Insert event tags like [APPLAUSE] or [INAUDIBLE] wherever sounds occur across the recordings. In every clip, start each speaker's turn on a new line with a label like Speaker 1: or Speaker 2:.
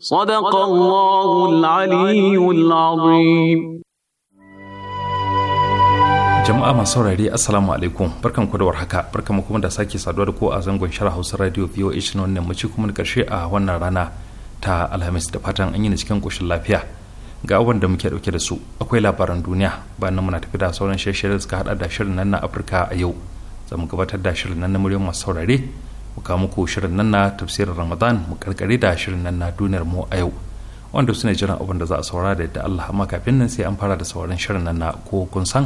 Speaker 1: صدق الله العلي العظيم
Speaker 2: jama'a masu saurare assalamu alaikum barkan ku da warhaka barkan mu kuma da sake saduwa da ku a zangon shara hausa radio voh na wannan mace kuma da karshe a wannan rana ta alhamis da fatan an yi na cikin koshin lafiya ga abubuwan da muke dauke da su akwai labaran duniya bayan nan muna tafi da sauran shirye da suka hada da shirin nan na afirka a yau za mu gabatar da shirin nan na muryar masu saurare mu kawo muku shirin nan na tafsirin ramadan mu karkare da shirin nan na duniyar mu a yau wanda su jiran abin da za a saurara da yadda allah amma kafin nan sai an fara da sauran shirin nan na ko kun san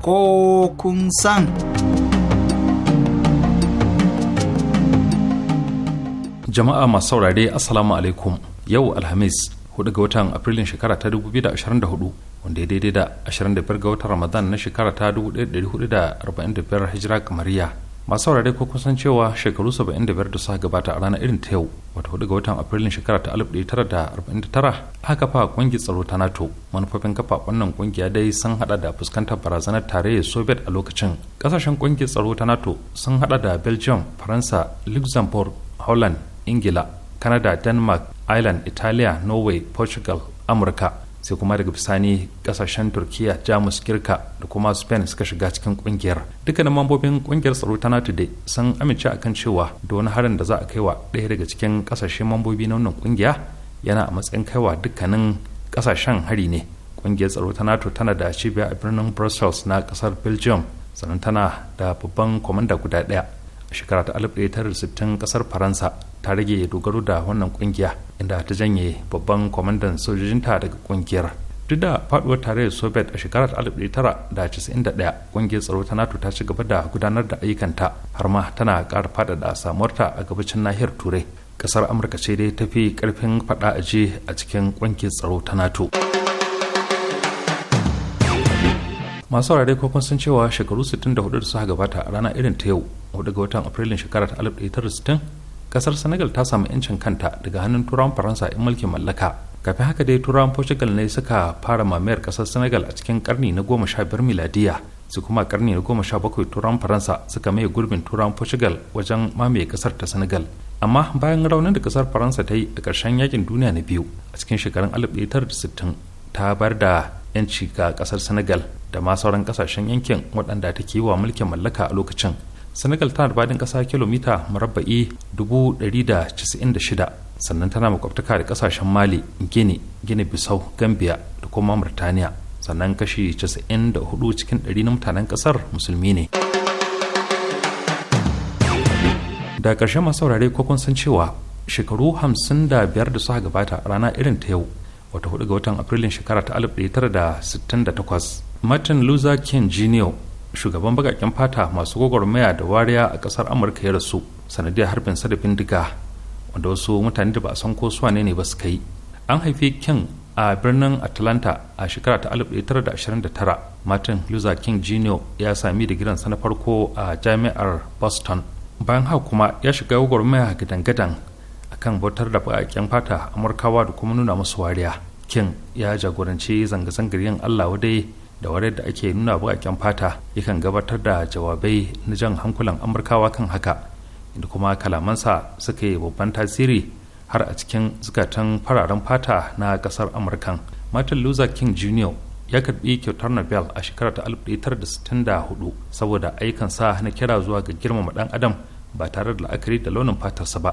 Speaker 3: ko kun san
Speaker 2: jama'a masu saurare assalamu alaikum yau alhamis 4 ga watan afrilun shekara ta 2024 wanda ya daidai da 25 ga watan ramadan na shekara ta 1445 hijira kamariya masu saurare ko kusan cewa shekaru 75 da suka gabata a ranar irin ta yau wata hudu ga watan afrilun shekara ta 1949 aka fa, kungiyar tsaro ta nato manufofin kafa wannan kungiya dai sun hada da fuskantar barazanar tarayyar soviet a lokacin kasashen kungiyar tsaro ta nato sun hada da belgium faransa luxembourg holland ingila canada denmark ireland Italia norway portugal amurka sai kuma daga bisani kasashen turkiya jamus girka da kuma spain suka shiga cikin kungiyar dukkanin mambobin kungiyar tsaro ta nato dai sun amince akan cewa da wani harin da za a kaiwa ɗaya daga cikin kasashen mambobi na wannan kungiya yana a matsayin kaiwa dukkanin kasashen hari ne kungiyar tsaro ta nato tana da cibiya a birnin brussels na kasar belgium sannan tana da babban kwamanda guda ɗaya a shekara ta 1960 kasar faransa ta rage dogaro da wannan kungiya inda ta janye babban kwamandan sojojinta daga kungiyar duk da faduwar tarayyar soviet a shekarar 1991 kungiyar tsaro ta nato ta ci gaba da gudanar da ayyukanta har ma tana ƙara faɗaɗa samuwarta a gabacin nahiyar turai ƙasar amurka ce dai ta fi ƙarfin faɗa aje a cikin kungiyar tsaro ta nato masu rarrai kokon sun cewa shekaru 64 da suka gabata a rana irin ta yau 4 ga watan afrilun shekarar 1960 kasar senegal ta samu 'yancin kanta daga hannun turawan faransa in mulkin mallaka kafin haka dai turawan portugal ne suka fara mamayar kasar senegal a cikin karni na goma sha biyar miladiya su kuma karni na goma sha bakwai turawan faransa suka maye gurbin turawan portugal wajen mamaye kasar ta senegal amma bayan raunin da kasar faransa ta yi a ƙarshen yakin duniya na biyu a cikin shekarun 1960 ta bar da yanci ga kasar senegal da ma sauran kasashen yankin waɗanda take yi wa mulkin mallaka a lokacin senegal tana da faɗin ƙasa kilomita murabba'i 196 sannan tana makwabtaka da ƙasashen mali gini gini bisau gambia da kuma murtaniya sannan kashi 94 cikin 100 na mutanen ƙasar musulmi ne da karshen masu saurare ko kun san cewa shekaru 55 da suka gabata rana irin ta yau wata hudu ga watan afrilun shekara ta 1968 martin luther king jr shugaban bakaken fata masu gwagwarmaya da wariya a kasar amurka ya rasu sanadiyar harbin sa da bindiga wanda wasu mutane da ba a san ko su ne ba su yi an haifi king a birnin atlanta a shekara ta 1929 martin luther king jr ya sami sa na farko a jami'ar boston bayan haka kuma ya shiga gwagwarmaya gadan-gadan akan bautar da bakaken fata amurkawa da kuma nuna musu wariya king ya jagoranci zanga-zangar yin allah wadai da warar da ake nuna baƙaƙen fata yakan gabatar da jawabai na jan hankulan amurkawa kan haka inda kuma kalamansa suka yi babban tasiri har a cikin zukatan fararen fata na ƙasar amurkan martin luther king jr ya karbi kyautar nobel a shekarar ta 1964 saboda aikansa na kira zuwa ga girmama dan adam ba tare da la'akari da launin fatarsa ba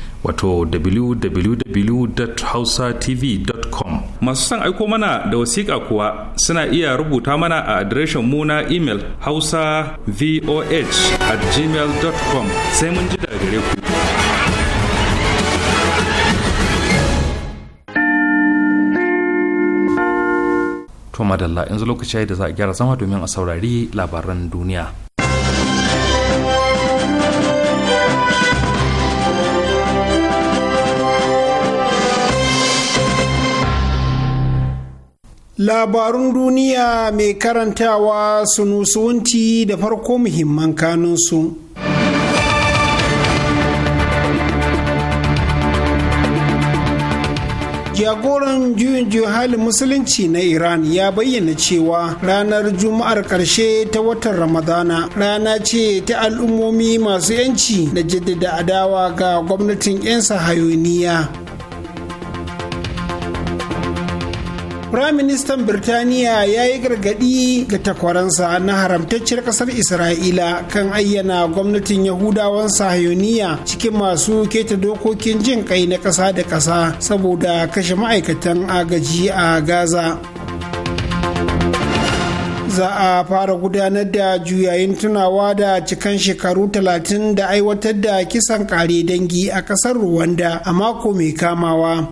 Speaker 2: wato www.hausatv.com masu son aiko mana da wasiƙa kuwa suna iya rubuta mana a adireshin mu na imel hausa voh at gmail.com sai mun ji daga gare ku to madalla yanzu lokaci da za a gyara zama domin a saurari labaran duniya
Speaker 4: Labarun duniya mai karantawa su sunusuwanci da farko muhimman kanunsu. jagoran juyin juyin halin musulunci na iran ya bayyana cewa ranar juma'ar karshe ta watan ramadana rana ce ta al'ummomi masu yanci da jaddada adawa ga gwamnatin 'yan sahayoniya Firaministan Birtaniya ya yi gargaɗi ga takwaransa na haramtacciyar ƙasar Isra'ila kan ayyana gwamnatin Yahudawan Sahayoniya cikin masu keta dokokin jin ƙai na ƙasa da ƙasa saboda kashe ma'aikatan agaji a Gaza. za a fara gudanar da juyayin tunawa da cikan shekaru talatin da aiwatar da kisan kare dangi a kasar Rwanda a mako mai kamawa.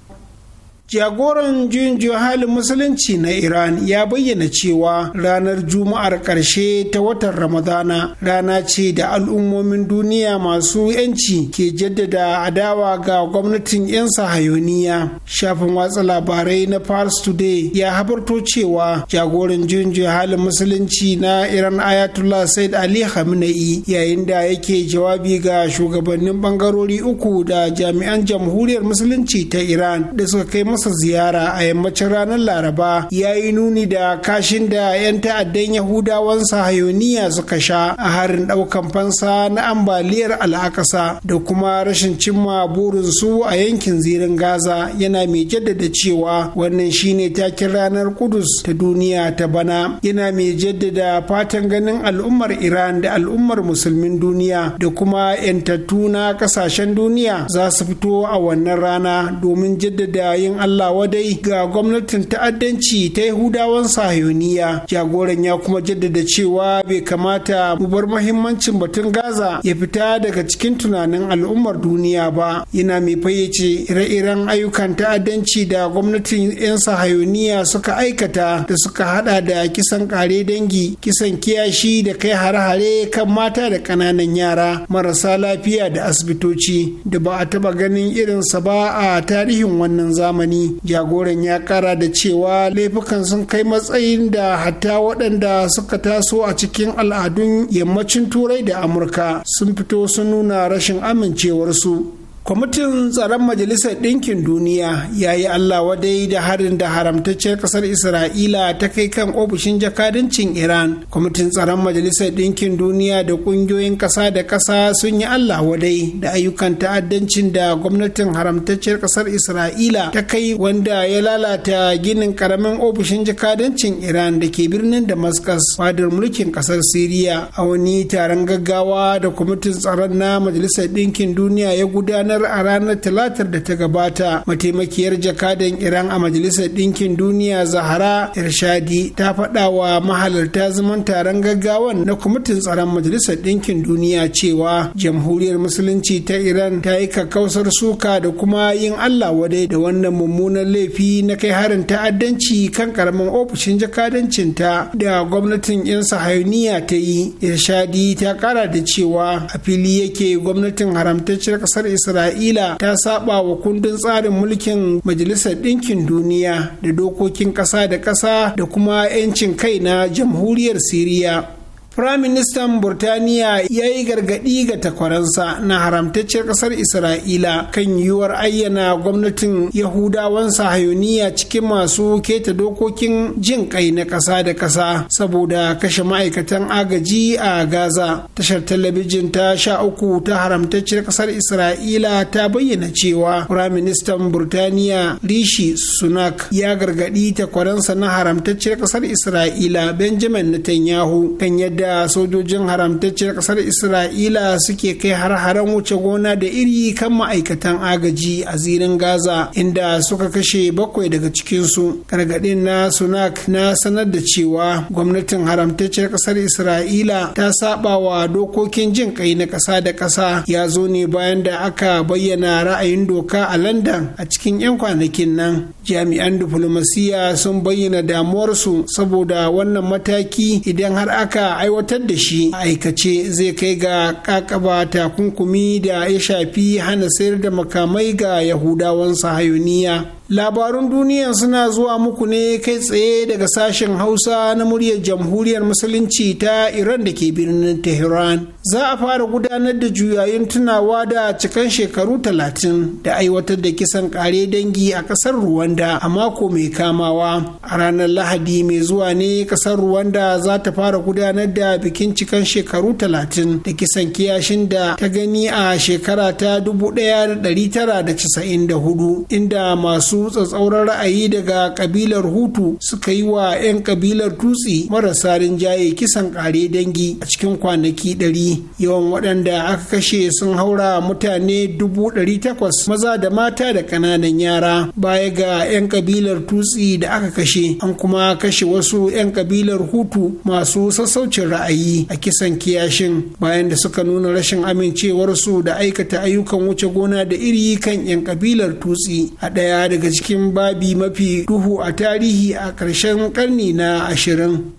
Speaker 4: jagoran juyin halin musulunci na iran ya bayyana cewa ranar juma'ar karshe ta watan ramadana rana ce da al'ummomin duniya masu 'yanci ke jaddada adawa ga gwamnatin 'yan sahayoniya shafin watsa labarai na pars today ya habarto cewa jagoran juyin halin musulunci na iran ayatollah said ali khamenei yayin da yake jawabi ga shugabannin bangarori uku da jami'an jamhuriyar musulunci ta iran da suka kai masa ziyara a yammacin ranar laraba ya yi nuni da kashin da 'yan ta'addan yahudawan sahayoniya suka sha a harin ɗaukan fansa na ambaliyar al'akasa da kuma rashin cimma burinsu a yankin zirin gaza yana mai jaddada cewa wannan shine takin ranar kudus ta duniya ta bana yana mai jaddada fatan ganin al'ummar iran da al'ummar musulmin duniya da kuma 'yantattu na ƙasashen duniya za su fito a wannan rana domin jaddada yin Allah wadai ga gwamnatin ta'addanci ta Yahudawan Sahiyoniya jagoran ya kuma jaddada cewa bai kamata mu bar mahimmancin batun Gaza ya fita daga cikin tunanin al'ummar duniya ba yana mai fayyace ire-iren ayyukan ta'addanci da gwamnatin 'yan Sahiyoniya suka aikata da suka hada da kisan kare dangi kisan kiyashi da kai hare-hare kan mata da ƙananan yara marasa lafiya da asibitoci da ba a taba ganin irinsa ba a tarihin wannan zamani tsanani jagoran ya kara da cewa laifukan sun kai matsayin da hatta waɗanda suka taso a cikin al'adun yammacin turai da amurka sun fito sun nuna rashin amincewarsu kwamitin tsaron majalisar ɗinkin duniya ya yi allah wadai da harin da haramtacciyar ƙasar isra'ila ta kai kan ofishin jakadancin iran kwamitin tsaron majalisar ɗinkin duniya da ƙungiyoyin ƙasa da ƙasa sun yi allah wadai da ayyukan ta'addancin da gwamnatin haramtacciyar ƙasar isra'ila ta kai wanda ya lalata ginin ƙaramin ofishin jakadancin iran da ke birnin damascus fadar mulkin ƙasar siriya a wani taron gaggawa da kwamitin tsaron na majalisar ɗinkin duniya ya gudana. ranar a ranar talatar da ta gabata mataimakiyar jakadan iran a majalisar ɗinkin duniya zahara irshadi ta faɗa wa mahalarta zaman taron gaggawan na kwamitin tsaron majalisar ɗinkin duniya cewa jamhuriyar musulunci ta iran ta yi kakkausar suka da kuma yin allah wadai da wannan mummunan laifi na kai harin ta'addanci kan karamin ofishin jakadancinta da gwamnatin 'yan sahayuniya ta yi irshadi ta kara da cewa a fili yake gwamnatin haramtacciyar kasar isra'ila isra'ila ta saba wa kundin tsarin mulkin majalisar ɗinkin duniya da dokokin ƙasa da ƙasa da kuma 'yancin kai na jamhuriyar siriya Firaministan Burtaniya ya yi gargaɗi ga takwaransa na haramtacciyar ƙasar Isra'ila kan yiwuwar ayyana gwamnatin Yahudawan sahayoniya cikin masu keta dokokin jin ƙai na ƙasa da ƙasa saboda kashe ma'aikatan agaji a Gaza. Tashar talabijin ta sha uku ta haramtacciyar ƙasar Isra'ila ta bayyana cewa Firaministan Burtaniya Rishi Sunak ya gargaɗi takwaransa na haramtacciyar ƙasar Isra'ila Benjamin Netanyahu kan yadda da sojojin haramtacciyar kasar isra'ila suke kai har-haren wuce gona da iri kan ma'aikatan agaji a zirin gaza inda suka kashe bakwai daga cikinsu gargaɗin na sunak na sanar da cewa gwamnatin haramtacciyar kasar isra'ila ta saba wa dokokin jin kai na ƙasa da ƙasa ya zo ne bayan da aka bayyana ra'ayin doka a london a cikin 'yan kwanakin nan jami'an diflomasiya sun bayyana damuwarsu saboda wannan mataki idan har aka aiwatar da shi a aikace zai kai ga kakaba takunkumi da ya shafi hana sayar da makamai ga yahudawan sahayuniya labarun duniya suna zuwa muku ne kai tsaye daga sashen hausa na muryar jamhuriyar musulunci ta iran da ke birnin tehran za a fara gudanar da juyayin tunawa da cikan shekaru talatin da aiwatar da kisan kare dangi a kasar ruwanda a mako mai kamawa a ranar lahadi mai zuwa ne kasar ruwanda za ta fara gudanar da bikin cikan shekaru talatin da kisan kiyashin da ta gani a shekara ta 1994 inda masu masu tsatsauran ra'ayi daga kabilar hutu suka yi wa 'yan kabilar tutsi marasa rinjaye kisan kare dangi a cikin kwanaki 100 yawan waɗanda aka kashe sun haura mutane 800 maza da mata da ƙananan yara baya ga 'yan kabilar tutsi da aka kashe an kuma kashe wasu 'yan kabilar hutu masu sassaucin ra'ayi a kisan kiyashin bayan da suka nuna rashin amincewarsu da aikata ayyukan wuce gona da iri kan 'yan kabilar tutsi a ɗaya daga daga cikin babi mafi duhu a tarihi a ƙarshen ƙarni na ashirin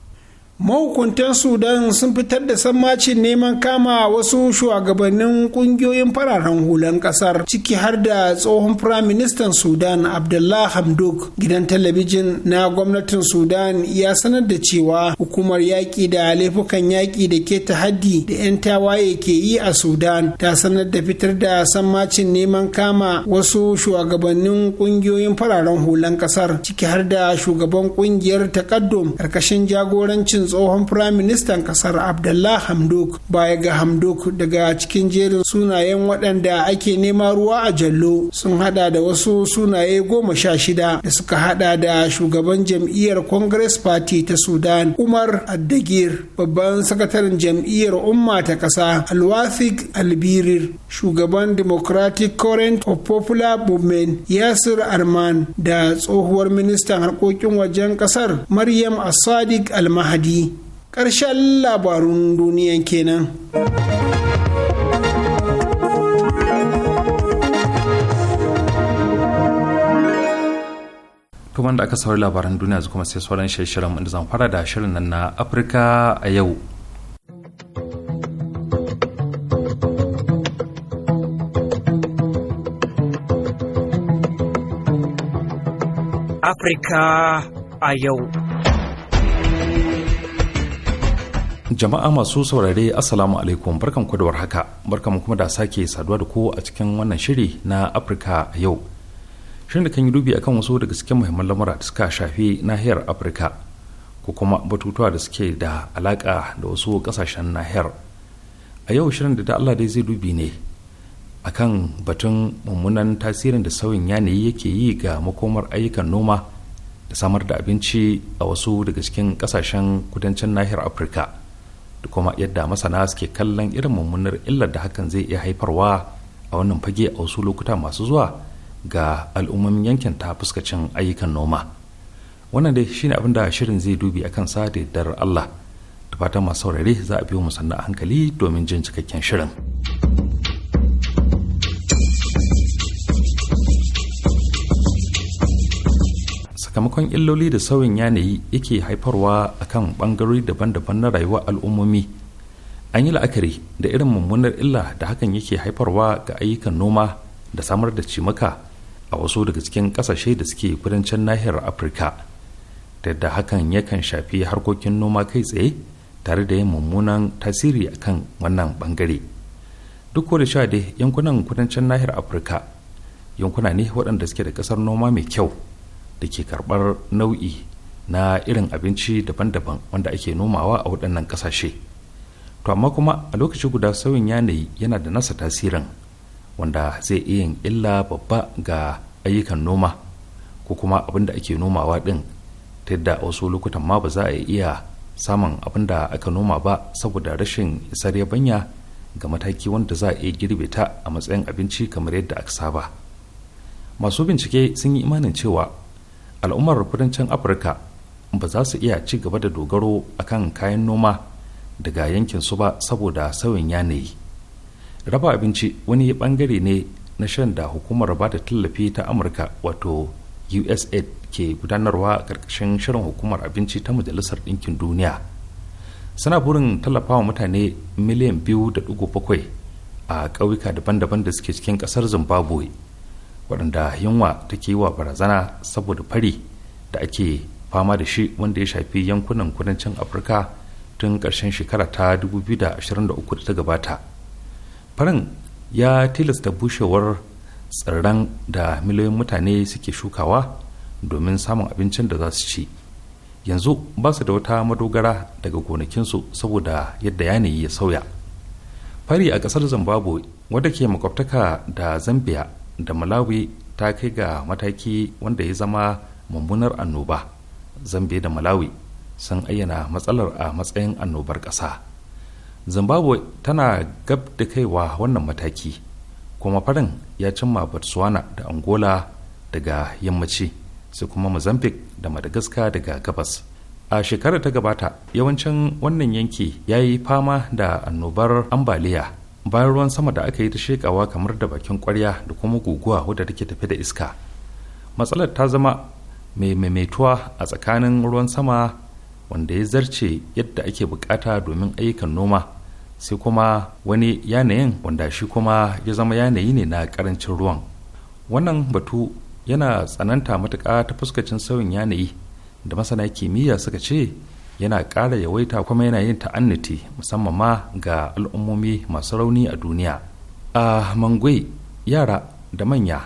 Speaker 4: mahukuntan sudan sun fitar da sammacin neman kama wasu shugabannin kungiyoyin fararen hulan kasar ciki har da tsohon firaministan sudan abdullah hamdok gidan talabijin na gwamnatin sudan ya sanar da cewa hukumar yaƙi da laifukan yaƙi da ke haddi da 'yan tawaye ke yi a sudan ta sanar da fitar da sammacin neman kama wasu shugabannin kungiyoyin fararen hulan kasar ciki har da shugaban kungiyar takaddum ƙarƙashin jagorancin gwamnatin tsohon firaministan kasar abdullah hamduk baya ga hamdok daga cikin jerin sunayen waɗanda ake nema ruwa a jallo sun hada da wasu sunaye goma sha shida da suka hada da shugaban jam'iyyar congress party ta sudan umar addagir babban sakataren jam'iyyar umma ta ƙasa alwafik albirir shugaban democratic current of popular movement yasir arman da tsohuwar ministan harkokin wajen ƙasar maryam asadik almahadi zafi ƙarshen labarun duniyan kenan.
Speaker 2: tuman da aka saurari labaran duniya su kuma sai sauran shirin inda zan fara da shirin nan na afirka a yau
Speaker 3: afirka a yau
Speaker 2: jama'a masu saurare assalamu alaikum barkan ku da warhaka barkan kuma da sake saduwa da ku a cikin wannan shiri na afirka a yau shirin da kan yi dubi akan wasu daga cikin muhimman lamura da suka shafi nahiyar afirka ko kuma batutuwa da suke da alaka da wasu kasashen nahiyar a yau shirin da Allah dai zai dubi ne akan batun mummunan tasirin da sauyin yanayi yake yi ga makomar ayyukan noma da samar da abinci a wasu daga cikin kasashen kudancin nahiyar afirka da kuma yadda masana suke kallon irin mummunar illar da hakan zai iya haifarwa a wannan fage a wasu lokuta masu zuwa ga al'ummomin yankin ta fuskacin ayyukan noma wannan dai shine abin da shirin zai dubi akan sa da Allah da fatan masu saurare za a biyo mu sannan a hankali domin jin cikakken shirin. sakamakon illoli da sauyin yanayi yake haifarwa a kan ɓangarori daban-daban na rayuwar al'ummomi an yi la'akari da irin mummunar illa da hakan yake haifarwa ga ayyukan noma da samar da cimaka a wasu daga cikin ƙasashe da suke kudancin nahiyar afirka da da hakan yakan shafi harkokin noma kai tsaye tare da yin mummunan tasiri a kan wannan bangare duk da sha dai yankunan kudancin nahiyar afirka yankuna ne waɗanda suke da ƙasar noma mai kyau da ke karɓar nau'i na irin abinci daban-daban wanda ake nomawa a waɗannan ƙasashe to amma kuma a lokaci guda sauyin yanayi yana da nasa tasirin wanda zai iya yin illa babba ga ayyukan noma ko kuma abin da ake nomawa ɗin ta yadda a wasu lokutan ma ba za a iya samun abin da aka noma ba saboda rashin isar yabanya ga mataki wanda za a iya girbe ta a matsayin abinci kamar yadda aka saba masu bincike sun yi imanin cewa al'ummar kudancin afirka ba za su iya ci gaba da dogaro a kan kayan noma daga yankin su ba saboda sauyin yanayi raba abinci wani bangare ne na shan da hukumar ba da tallafi ta amurka wato usaid ke gudanarwa a ƙarƙashin shirin hukumar abinci ta majalisar ɗinkin duniya suna burin tallafa wa mutane miliyan biyu da bakwai a ƙauyuka daban-daban da suke cikin ƙasar zimbabwe waɗanda yunwa take yi wa barazana saboda fari da ake fama da shi wanda ya shafi yankunan kudancin afirka tun ƙarshen shekara ta 2023 da ta gabata farin ya tilasta bushewar tsirran da miliyoyin mutane suke shukawa domin samun abincin da za su ci yanzu ba su da wata madogara daga gonakinsu saboda yadda yanayi ya sauya fari a ƙasar zimbabwe wadda ke makwabtaka da zambia da malawi ta kai ga mataki wanda ya zama mummunar annoba zambe da malawi sun ayyana matsalar a matsayin annobar ƙasa zimbabwe tana gab da kaiwa wannan mataki kuma farin ya cimma botswana da angola daga yammaci sai kuma mozambique da madagascar daga gabas a shekarar ta gabata yawancin wannan yanki ya yi fama da annobar ambaliya bayan ruwan sama da aka yi ta shekawa kamar da bakin kwarya da kuma guguwa wadda take tafe da iska matsalar ta zama mai maimaituwa a tsakanin ruwan sama wanda ya zarce yadda ake bukata domin ayyukan noma sai kuma wani yanayin wanda shi kuma ya zama yanayi ne na karancin ruwan wannan batu yana tsananta matuƙa ta fuskacin sauyin yanayi da masana kimiyya suka ce yana ƙara yawaita kuma yana yin ta'annati musamman ma ga al'ummomi masu rauni a duniya a mangwai yara da manya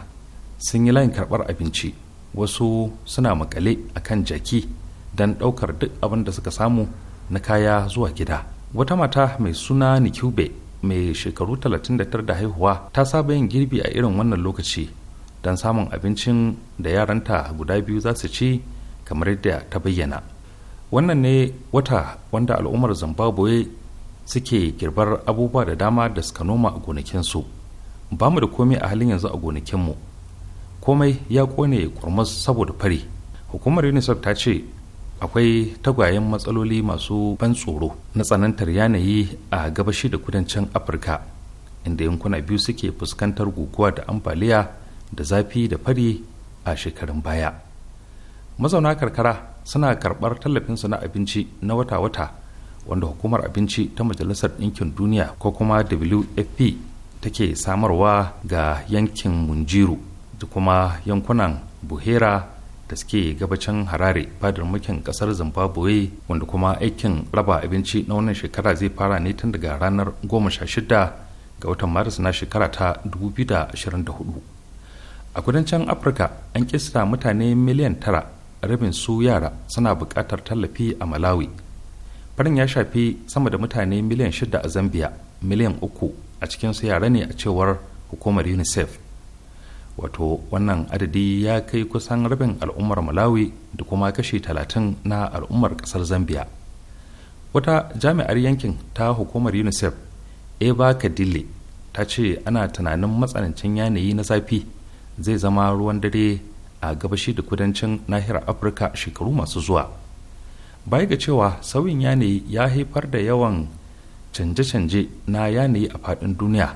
Speaker 2: sun yi layin karɓar abinci wasu suna makale a kan jaki don ɗaukar duk abin da suka samu na kaya zuwa gida wata mata mai suna nikube mai shekaru 39 da haihuwa ta saba yin girbi a irin wannan lokaci don samun abincin da yaranta guda biyu za su ci kamar yadda ta bayyana wannan ne wata wanda al'ummar zimbabwe suke girbar abubuwa da dama da suka noma a gonakinsu ba mu da komai a halin yanzu a gonakinmu komai ya kone kurmas saboda fari hukumar unicef ta ce akwai tagwayen matsaloli masu ban tsoro na tsanantar yanayi a gabashi da kudancin afirka inda yankuna biyu suke fuskantar guguwa da ambaliya da zafi da fari a shekarun baya mazauna karkara suna karɓar tallafinsu na abinci na wata-wata wanda hukumar abinci ta majalisar ɗinkin duniya ko kuma wfp take samarwa ga yankin munjiru da kuma yankunan buhera da suke gabacin harare fadar mulkin kasar zimbabwe wanda kuma aikin raba abinci na wannan shekara zai fara ne tun daga ranar 16 ga watan maris na shekara ta 2024 a kudancin afirka an kista mutane miliyan tara rabin su yara suna buƙatar tallafi a malawi farin ya shafi sama da mutane miliyan shida a zambia miliyan uku a cikin su yara ne a cewar hukumar unicef wato wannan adadi ya kai kusan rabin al'ummar malawi da kuma kashi talatin na al'ummar ƙasar zambia wata jami'ar yankin ta hukumar unicef eva kadile ta ce ana tunanin matsanancin yanayi na zafi zai zama ruwan dare a gabashi da kudancin nahiyar afirka shekaru masu zuwa baya ga cewa sauyin yanayi ya haifar da yawan canje-canje na yanayi a faɗin duniya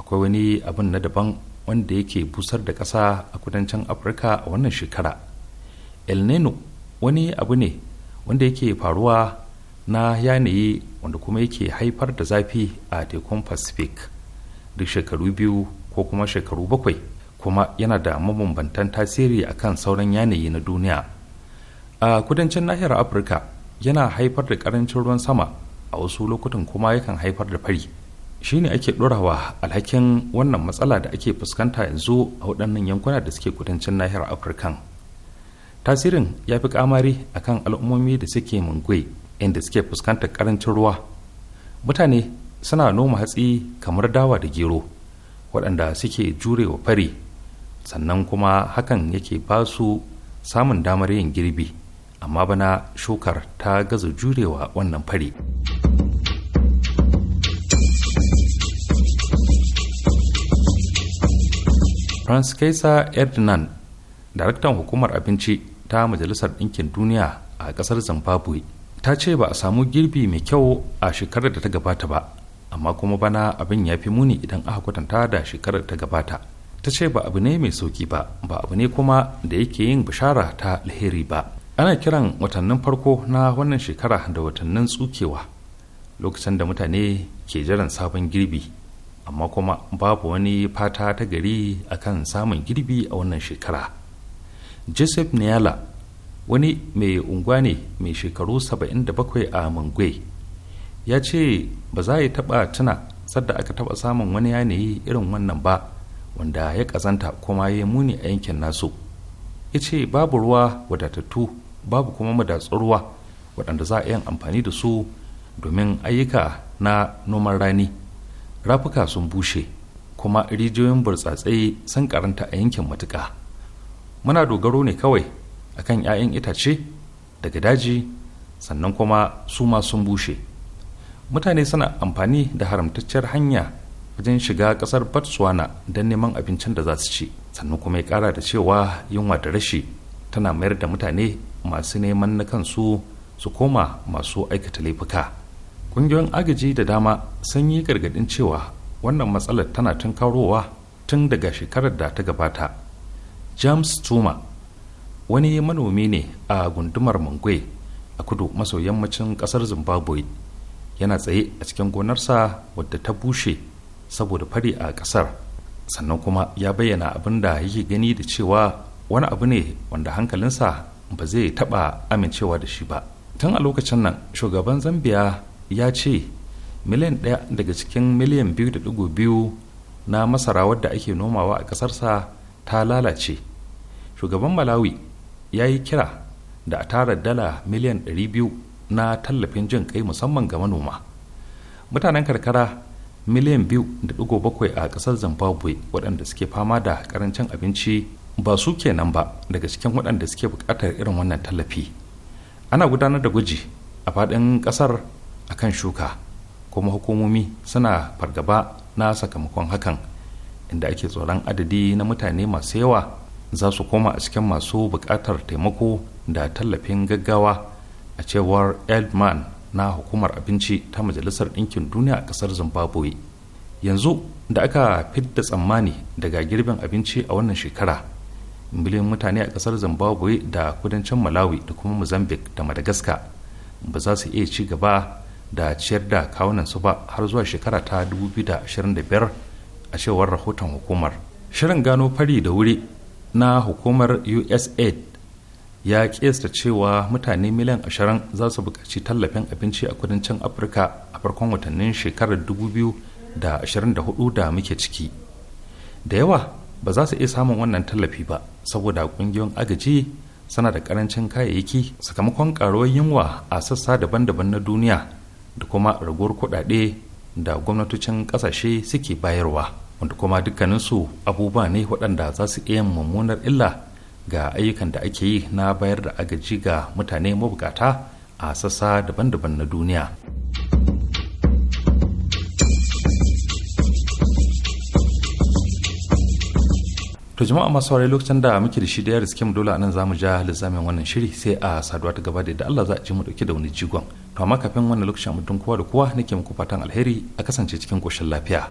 Speaker 2: akwai wani abin na daban wanda yake busar da ƙasa a kudancin afirka a wannan shekara el nino wani abu ne wanda yake faruwa na yanayi wanda kuma yake haifar da zafi a tekun pacific duk shekaru biyu ko kuma shekaru bakwai kuma yana da mabambantan tasiri a kan sauran yanayi na duniya a kudancin nahiyar afirka yana haifar da karancin ruwan sama a wasu lokutan kuma yakan haifar da fari shine ake ɗorawa alhakin wannan matsala da ake fuskanta yanzu a waɗannan yankuna da suke kudancin nahiyar afirkan tasirin ya fi kamari a kan al'ummomi da suke mungwe inda suke fuskantar karancin ruwa mutane suna noma hatsi kamar dawa da gero waɗanda suke jure wa fari sannan kuma hakan yake ba su samun damar yin girbi amma bana shukar ta gaza jurewa wannan fari. Franz Kaisa Ferdinand, daraktan hukumar abinci ta Majalisar Ɗinkin Duniya a ƙasar Zimbabwe, ta ce ba a samu girbi mai kyau a shekarar da ta gabata ba, amma kuma bana abin ya fi muni idan aka kwatanta da shekarar da ta gabata. ta ce ba abu ne mai sauki ba ba abu ne kuma da yake yin bishara ta alheri ba ana kiran watannin farko na wannan shekara da watannin tsukewa lokacin da mutane ke jiran sabon girbi amma kuma babu wani fata ta gari a kan samun girbi a wannan shekara joseph niala wani mai unguwa ne mai shekaru 77 a mangwe ya ce ba za a taba tuna sadda aka taɓa samun wani yanayi irin wannan ba wanda ya kazanta kuma ya muni a yankin nasu ya ce babu ruwa wadatattu babu kuma madatsun ruwa waɗanda za a yi amfani da su domin ayyuka na noman rani rafuka sun bushe kuma rijiyoyin burtsatsai sun karanta a yankin matuka. muna dogaro ne kawai akan 'ya'yan itace daga daji sannan kuma su ma sun bushe mutane suna amfani da haramtacciyar hanya wajen shiga kasar botswana don neman abincin da za su ci sannan kuma ya kara da cewa yunwa da rashi tana mayar da mutane masu neman na kansu su koma masu aikata laifuka ƙungiyoyin agaji da dama sun yi gargaɗin cewa wannan matsalar tana tunkarowa tun daga shekarar da ta gabata james tuma wani manomi ne a gundumar mangwe a kudu maso yammacin ƙasar zimbabwe yana tsaye a cikin gonarsa wadda ta bushe saboda fari a ƙasar sannan kuma ya bayyana abin da yake gani da cewa wani abu ne wanda hankalinsa ba zai taɓa amincewa da shi ba tun a lokacin nan shugaban zambia ya ce miliyan ɗaya daga cikin miliyan biyu da ɗigo biyu na masara wadda ake nomawa a ƙasarsa ta lalace shugaban malawi ya yi kira da a tara dala miliyan ɗari biyu na tallafin jin kai musamman ga manoma mutanen karkara miliyan biyu da digo bakwai a ƙasar zimbabwe waɗanda suke fama da ƙarancin abinci ba su kenan ba daga cikin waɗanda suke buƙatar irin wannan tallafi ana gudanar da gwaji a faɗin ƙasar a kan shuka kuma hukumomi suna fargaba na sakamakon hakan inda ake tsoron adadi na mutane masu yawa za su koma a cikin masu buƙatar taimako da tallafin gaggawa a cewar edman na hukumar abinci ta majalisar ɗinkin duniya a ƙasar zimbabwe yanzu da aka fidda tsammani daga girbin abinci a wannan shekara miliyan mutane a ƙasar zimbabwe da kudancin malawi da kuma mozambique da madagascar ba za su iya ci gaba da ciyar da kawunan su ba har zuwa shekara ta 2025 a cewar rahoton hukumar shirin gano fari da wuri na hukumar usaid ya kiyasta cewa mutane miliyan ashirin za su buƙaci tallafin abinci a kudancin afirka a farkon watannin shekarar 2024 da ashirin da da muke ciki da yawa ba za su iya samun wannan tallafi ba saboda ƙungiyoyin agaji suna da ƙarancin kayayyaki sakamakon ƙaruwar yunwa a sassa daban-daban na duniya da kuma raguwar kuɗaɗe da gwamnatocin ƙasashe suke bayarwa wanda kuma dukkaninsu abubuwa ne waɗanda za su iya mummunar illa ga ayyukan da ake yi na bayar da agaji ga mutane mabukata a sassa daban-daban na duniya. To jama'a masu saurari lokacin da muke da shi da yaris kim dole anan zamu ja lissamin wannan shiri sai a saduwa ta gaba da yadda Allah za a ci mu dauke da wani jigon. To amma kafin wannan lokacin mutum kowa da kowa nake muku fatan alheri a kasance cikin koshin lafiya.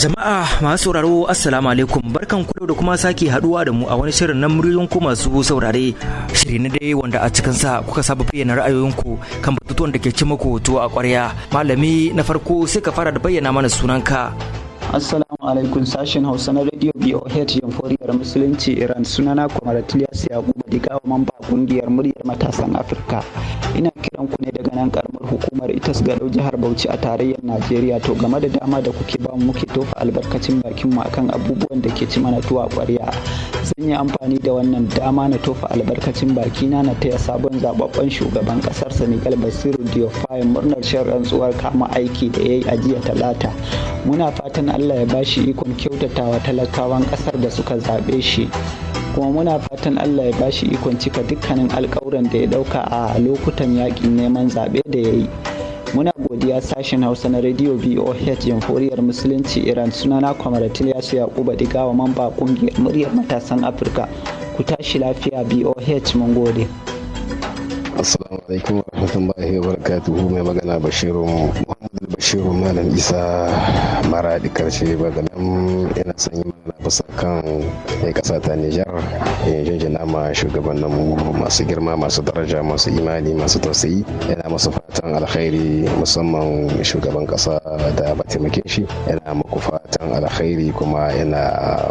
Speaker 3: Jama'a masu sauraro Assalamu alaikum barkan ku da kuma sake haduwa da mu a wani shirin na muryoyin ku masu saurare shiri na dai wanda a cikin sa kuka saba bayyana ra'ayoyinku kan batutuwan da ke ci muku tuwo a ƙwarya malami na farko sai ka fara da bayyana mana sunanka Assalamu alaikum sashen Hausa na Radio BOH Jamhuriyar Musulunci Iran sunana Kwamar Tilyas Yakubu Digawa mamba kungiyar muryar matasan Afirka. kiran ku ne daga nan karamar hukumar itas ga jihar bauchi a tarayyar najeriya to game da dama da kuke ba mu muke tofa albarkacin bakin mu akan abubuwan da ke ci mana tuwa kwarya zan yi amfani da wannan dama na tofa albarkacin bakina na taya sabon zababben shugaban kasar senegal basiru diofai murnar shan rantsuwar kama aiki da yayi a jiya talata muna fatan allah ya bashi ikon kyautatawa talakawan kasar da suka zaɓe shi kuma muna fatan Allah ya bashi ikon cika dukkanin alkawuran da ya dauka a lokutan yakin neman zaɓe da ya yi. Muna godiya sashen Hausa na Radio boh Jamhuriyar Musulunci Iran sunana ya su Yakuba Digawa mamba kungiyar muryar matasan Afirka. Ku tashi lafiya boh mun gode.
Speaker 1: Assalamu alaikum wa rahmatullahi wa barakatuhu mai magana Bashiru Muhammadu shehu malam isa maradi karshe daga nan yana son yi mana bisa kan ya kasa ta nijar yanzu jinjina ma shugabannin masu girma masu daraja masu imani masu tausayi yana masu fatan alkhairi musamman shugaban kasa da taimake shi yana muku fatan alkhairi kuma yana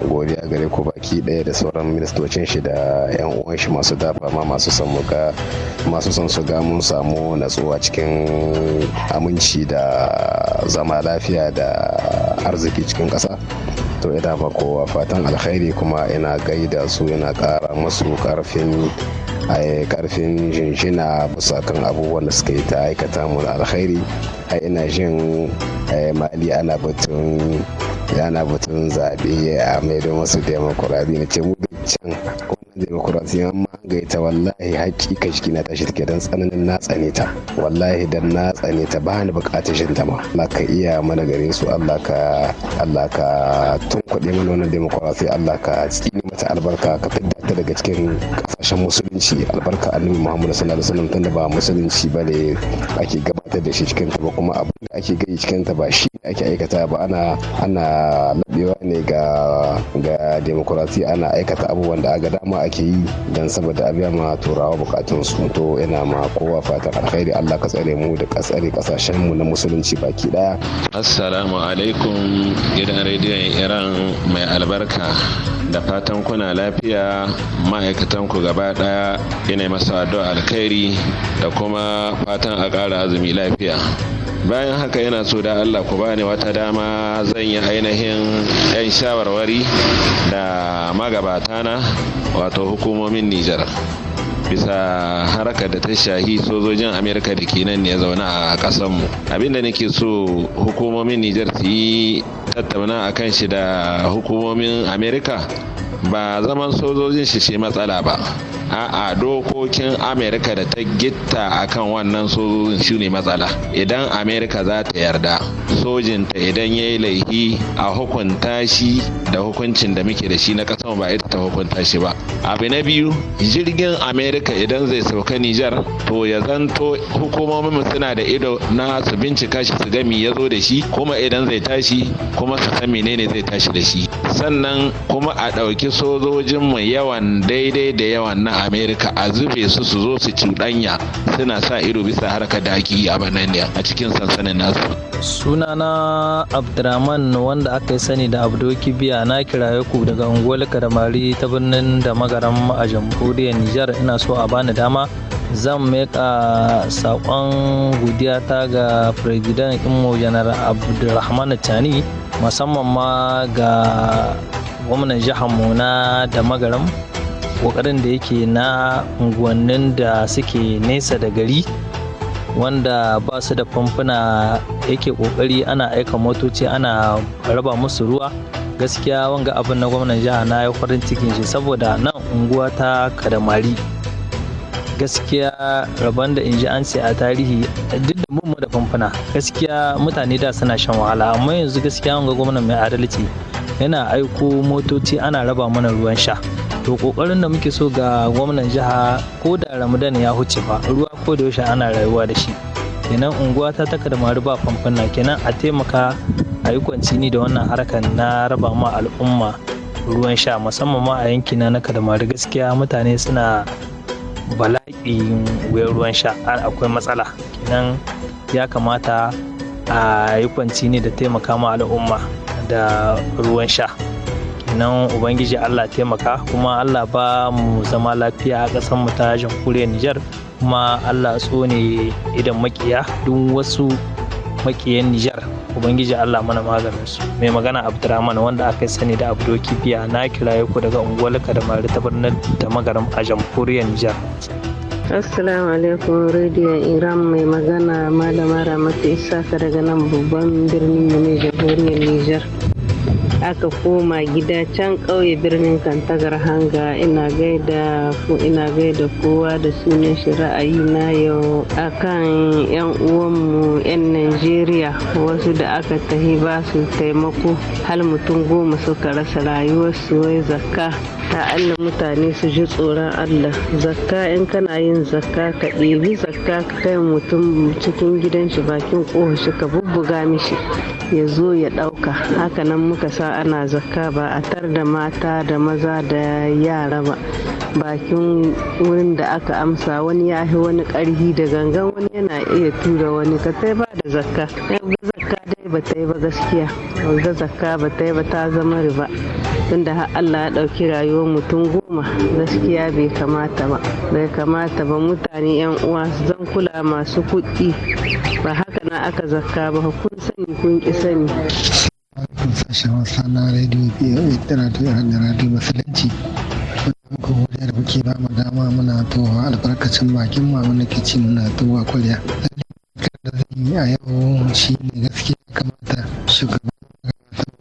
Speaker 1: godiya gare ku baki ɗaya da sauran ministocin shi da yan uwan shi masu dafa ma masu son mu masu son su ga mun samu natsuwa cikin aminci da zama lafiya da arziki cikin ƙasa to ina ba kowa fatan alkhairi kuma ina gaida su ina ƙara masu ƙarfin karfin jinjina bisa kan abubuwan da suka yi ta aikata mu na alkhairi a ina jin mali ana batun yana batun zaɓe a maido masu demokuraɗi na ce mu can demokuraɗiyya ma gaita wallahi ka shi na tashi take dan tsananin na tsane ta wallahi dan na tsane ta ba ni buƙatar shin ta ma Allah ka iya mana gare su Allah ka Allah ka tun kuɗi mana wannan demokuraɗiyya Allah ka tsini mata albarka ka fidda ta daga cikin kasashen musulunci albarka annabi Muhammad sallallahu alaihi wasallam tunda ba musulunci bane ake gabatar da shi cikin ta ba kuma abin da ake gani cikin ta ba shi ake aikata ba ana ana labewa ne ga ga demokrasi ana aikata abubuwan da aga dama ake yi dan saboda a biya ma turawa bukatun su to yana ma kowa fatan alkhairi Allah ka tsare mu da ka kasashen mu na musulunci baki daya
Speaker 5: assalamu alaikum gidan rediyon Iran mai albarka da fatan kuna lafiya ma'aikatan ku gaba daya ina masa addu'a alkhairi da kuma fatan a ƙara azumi lafiya bayan haka yana so da Allah ku ba bani wata dama zan yi ainihin 'yan shawarwari da magabata na wato hukumomin Nijar. bisa harka da ta shahi sojojin amerika da ke nan ya zauna a kasanmu abinda nake so hukumomin nijar su yi tattauna a kan shi da hukumomin amerika ba zaman sojojin shi ce matsala ba a'a dokokin amerika da ta gitta akan wannan sojojin shi ne matsala idan amerika za ta yarda sojinta idan ya yi laifi a hukunta shi da hukuncin da muke da shi na kasan ba ita ta hukunta shi ba abu na biyu jirgin amerika idan zai sauka nijar to ya zanto hukumomin suna da ido na su bincika shi su gami ya zo da shi kuma idan zai tashi kuma su san menene zai tashi da shi sannan kuma a ɗauki ɗauki sojojinmu yawan daidai da yawan na amerika a zube su su zo su cuɗanya suna sa ido bisa harkar da ake a bananiya a cikin sansanin nasu
Speaker 3: sunana abdurrahman wanda aka yi sani da abdoki biya na kiraye ku daga unguwar karamari ta birnin da magaram a jamhuriyar nijar ina so a bani dama zan meka saƙon godiya ta ga firgidan imo janar abdulrahman tani musamman ma ga gwamnan jihar mu na da magaram kokarin da yake na unguwannin da suke nesa da gari wanda ba su da famfuna yake kokari ana aika motoci ana raba musu ruwa gaskiya wanga abin na gwamnan jiha na ya farin cikin shi saboda nan unguwa ta kadamari gaskiya rabon da inji an sai a tarihi duk da mu da famfuna gaskiya mutane da suna shan wahala amma yanzu gaskiya wanga gwamnan mai adalci yana aiko motoci ana raba mana ruwan sha to kokarin da muke so ga gwamnan jiha ko da ramadan ya huce fa ruwa ko da yaushe ana rayuwa da shi kenan unguwa ta taka da ba famfana kenan a taimaka a yi kwancini da wannan harkar na raba ma al'umma ruwan sha musamman ma a yankina na kadamari gaskiya mutane suna bala'in wuyar ruwan sha akwai matsala kenan ya kamata a yi kwanci ne da taimaka ma al'umma da ruwan sha nan ubangiji allah taimaka kuma allah ba mu zama lafiya a ƙasar mu ta jamhuriyar nijar kuma allah tsone idan makiya duk wasu makiyan nijar ubangiji allah mana maganin su mai magana abdurrahman wanda aka sani da abdoki biya na kiraye ku daga unguwar da mari ta birnin da magaram a jamhuriyar nijar
Speaker 6: Assalamu alaikum Radio Iran mai magana Malama Ramatu Isaka daga nan babban birnin Yamai jamhuriyar Nijar. aka koma gida can ƙauye birnin kantagar hanga ina gaida ina gaida kowa da sunan shi ra'ayi na yau akan yan uwanmu yan najeriya wasu da aka tahi ba su taimako hal mutum goma suka rasa rayuwarsu wai zakka ta allah mutane su ji tsoron allah zakka in kana yin zakka ka ɗebi zakka ka kai mutum cikin gidan shi bakin ƙoho shi ka bubbuga mishi ya zo ya ɗauka hakanan muka sa ana zakka ba a tar da mata da maza da yara ba bakin wurin da aka amsa wani ya wani karhi da gangan wani yana iya tura wani ka sai ba da zakka zakka dai ba ta yi ba gaskiya ga zakka ba ta yi ba ta zama riba tunda har Allah ya ɗauki rayuwar mutum goma gaskiya bai kamata ba bai kamata ba mutane yan uwa su zan kula masu kuɗi ba haka na aka zakka ba kun sani kun ki sani
Speaker 7: Wasu sashen wasa na rediyo BOA tana tara da radiyo Musulunci. muku godiya da kuke ba mu dama muna towa albarkacin bakin ma wanda ke ci muna towa kwalya. da zan yi a yau shi ne gaskiya kamata shugaban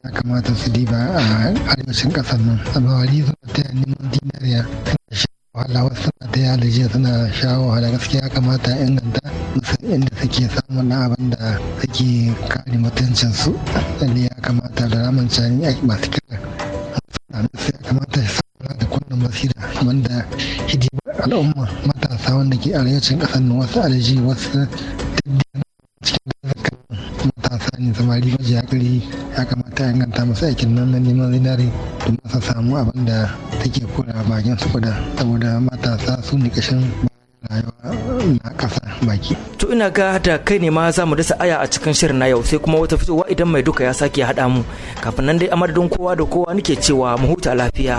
Speaker 7: ya kamata su diba a arewacin kasar nan. Abawali zuwa ta neman dinariya wahala wasu suna ta yalaje suna sha wahala gaskiya kamata inganta inda suke samun na abin da suke kare mutuncinsu ne ya kamata da ramin cani masu kira ya kamata su da kunnen basira wanda hidimar al'umma matasa wanda ke arewacin ƙasar wasu alaji wasu cikin matasa ne samari maji ƙari ya kamata a inganta masu aikin nan na neman zinare da su samu abin da take kora bakin su kuda saboda matasa su ne kashin rayuwa na kasa baki.
Speaker 3: To ina ga da kai ne ma za mu dasa aya a cikin shirin na yau sai kuma wata fitowa idan mai duka ya sake haɗa mu kafin nan dai a madadin kowa da kowa nake cewa mu huta lafiya.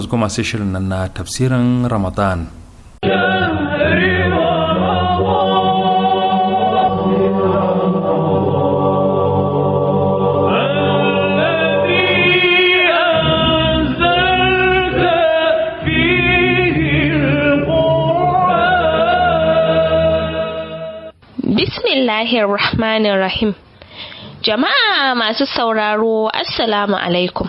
Speaker 2: tun kuma sai shirin nan na tafsirin ramadan
Speaker 8: Bismillahir Rahmanir Rahim. Jama'a masu sauraro, Assalamu alaikum.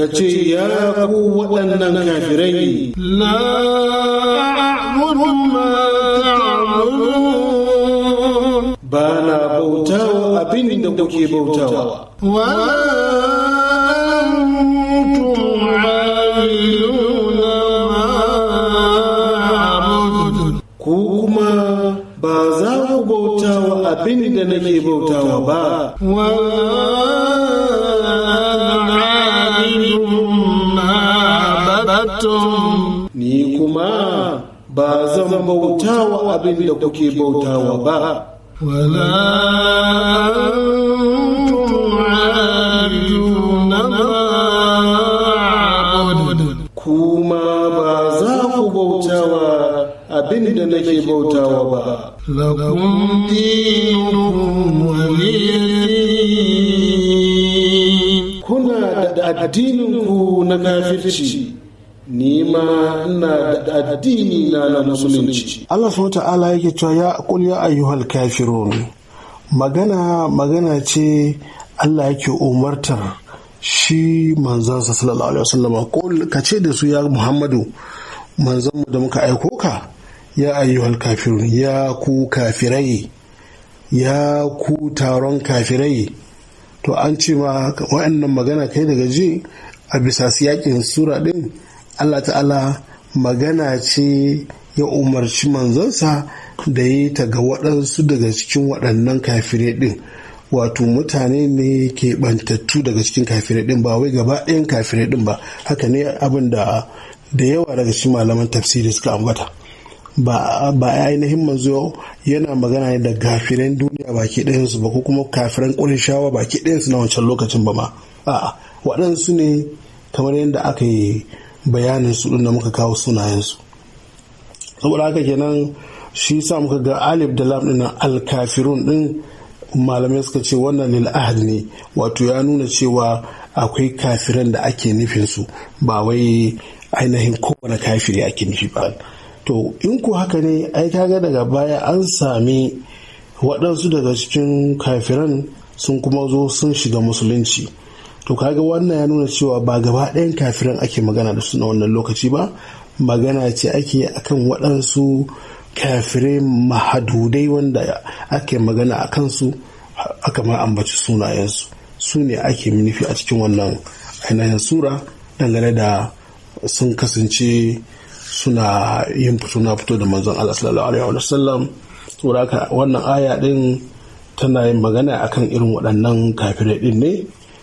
Speaker 9: ka ce ya
Speaker 10: ku waɗannan kafirai la ba na bautawa abin da kuke bautawa ku kuma ba za ku bautawa abin da nake bautawa ba tum. Ni kuma ba zan bautawa abinda abin da kuke bauta wa ba. Wala
Speaker 4: Kuma ba za ku bauta wa
Speaker 10: abin da nake bauta wa ba. Kuna da addininku na kafirci. da addini na na Allah subhanahu ta'ala yake cewa ya qul ya ayyuhal kafirun magana magana ce Allah yake umartar shi sa sallallahu alaihi wasallam qul kace da su ya Muhammadu mu da muka aiko ka ya ayyuhal kafirun ya ku kafirai ya ku taron kafirai to an ce ma wa'annan magana kai daga ji a bisa siyakin sura din Allah ta'ala magana ce ya umarci manzansa da yi ta ga waɗansu daga cikin waɗannan kafirai ɗin wato mutane ne ke bantattu daga cikin kafirai ɗin ba wai gaba ɗayan kafirai ɗin ba haka ne abin da da yawa daga cikin malaman tafsiri suka ambata ba ainihin manzo yana magana ne da kafiran duniya baki ɗayansu ba ko kuma kafiren ƙurishawa baki ɗayansu na wancan lokacin ba ma a'a waɗansu ne kamar yadda aka yi bayanin su da muka kawo sunayensu saboda haka kenan shi sa muka ga alif da lam al alkafirun ɗin malamai suka ce wannan lil ahad ne wato ya nuna cewa akwai kafiran da ake nufin su ba wai ainihin kowane kafiri ake nufi ba to in ku haka ne ai kaga daga baya an sami waɗansu daga cikin kafiran sun kuma zo sun shiga musulunci to kaga wannan ya nuna cewa ba gaba ɗayan kafiran ake magana da su na wannan lokaci ba magana ce ake akan waɗansu kafirai mahadudai wanda ake magana a kansu aka ma ambaci sunayensu su ne ake nufi a cikin wannan ainihin sura dangane da sun kasance suna yin fito na fito da manzon Allah sallallahu alaihi wa sallam wannan aya din tana yin magana akan irin waɗannan kafirai din ne